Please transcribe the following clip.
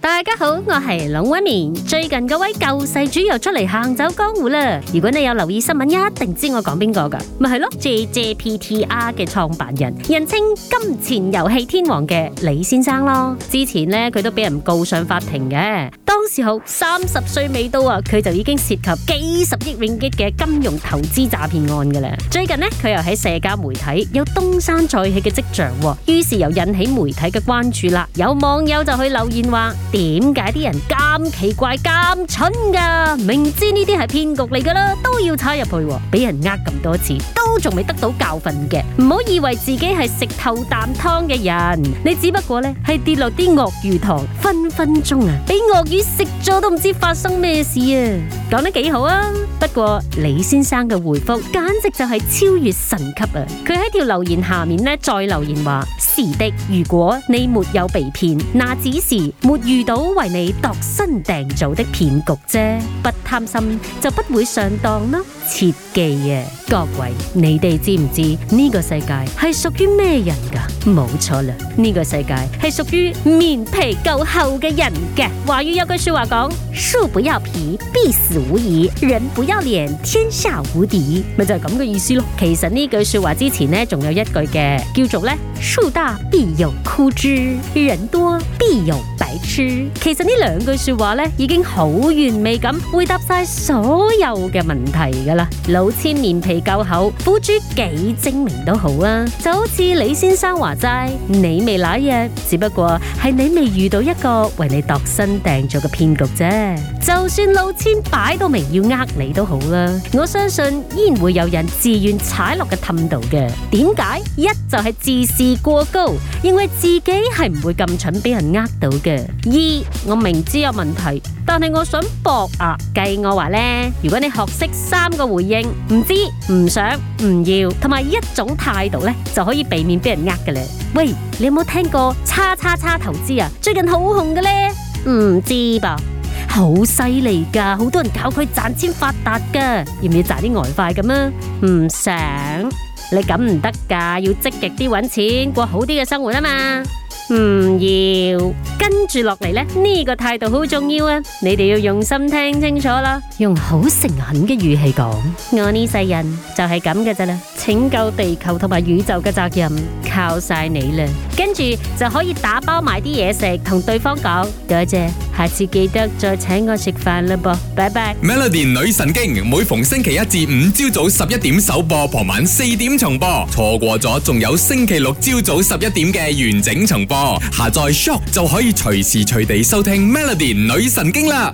大家好，我係龍紋敏。最近嗰位救世主又出嚟行走，走江湖啦。如果你有留意新聞，一定知我講邊個噶，咪係咯，JJPTR 嘅創辦人，人稱金錢遊戲天王嘅李先生咯。之前呢，佢都俾人告上法庭嘅，當時候三十歲未到啊，佢就已經涉及幾十億令吉嘅金融投資詐騙案噶啦。最近呢，佢又喺社交媒體有東山再起嘅跡象，於是又引起媒體嘅關注啦。有網友就去留言話。點解啲人咁奇怪咁蠢噶？明知呢啲係騙局嚟噶啦，都要踩入去，俾人呃咁多次。都仲未得到教訓嘅，唔好以為自己係食頭啖湯嘅人，你只不過呢係跌落啲鱷魚塘，分分鐘啊，俾鱷魚食咗都唔知發生咩事啊！講得幾好啊！不過李先生嘅回覆簡直就係超越神級啊！佢喺條留言下面呢再留言話：是的，如果你沒有被騙，那只是沒遇到為你度身訂造的騙局啫。不貪心就不會上當咯，切記啊，各位。你哋知唔知呢個世界係屬於咩人噶？冇錯啦，呢個世界係屬於面皮夠厚嘅人嘅。話語有句說話講：樹不要皮，必死無疑；人不要臉，天下無敵。咪就係咁嘅意思咯。其實呢句說話之前呢，仲有一句嘅，叫做咧：樹大必有枯枝，人多必有白痴。其實呢兩句說話咧，已經好完美咁回答晒所有嘅問題噶啦。老千面皮夠厚。股主幾精明都好啊，就好似李先生話齋，你未瀨嘢，只不過係你未遇到一個為你度身訂做嘅騙局啫。就算老千擺到明要呃你都好啦，啊，我相信依然會有人自願踩落嘅氹度嘅。點解？一就係自視過高，認為自己係唔會咁蠢俾人呃到嘅；二我明知有問題，但係我想搏啊。計我話呢，如果你學識三個回應，唔知唔想。唔要，同埋一種態度咧，就可以避免俾人呃嘅咧。喂，你有冇聽過叉叉叉投資啊？最近好紅嘅咧，唔知吧？好犀利噶好多人靠佢賺錢發達噶要唔要賺啲外快咁啊？唔想，你咁唔得噶要積極啲搵錢，過好啲嘅生活啊嘛。唔要跟住落嚟咧，呢、呢個態度好重要啊！你哋要用心聽清楚啦，用好誠懇嘅語氣講，我呢世人就係咁嘅咋啦！拯救地球同埋宇宙嘅責任靠晒你啦！跟住就可以打包買啲嘢食，同對方講多謝，謝。下次記得再請我食飯啦，噃，拜拜。Melody 女神經每逢星期一至五朝早十一點首播，傍晚四點重播，錯過咗仲有星期六朝早十一點嘅完整重播。下載 Shock 就可以隨時隨地收聽 Melody 女神經啦。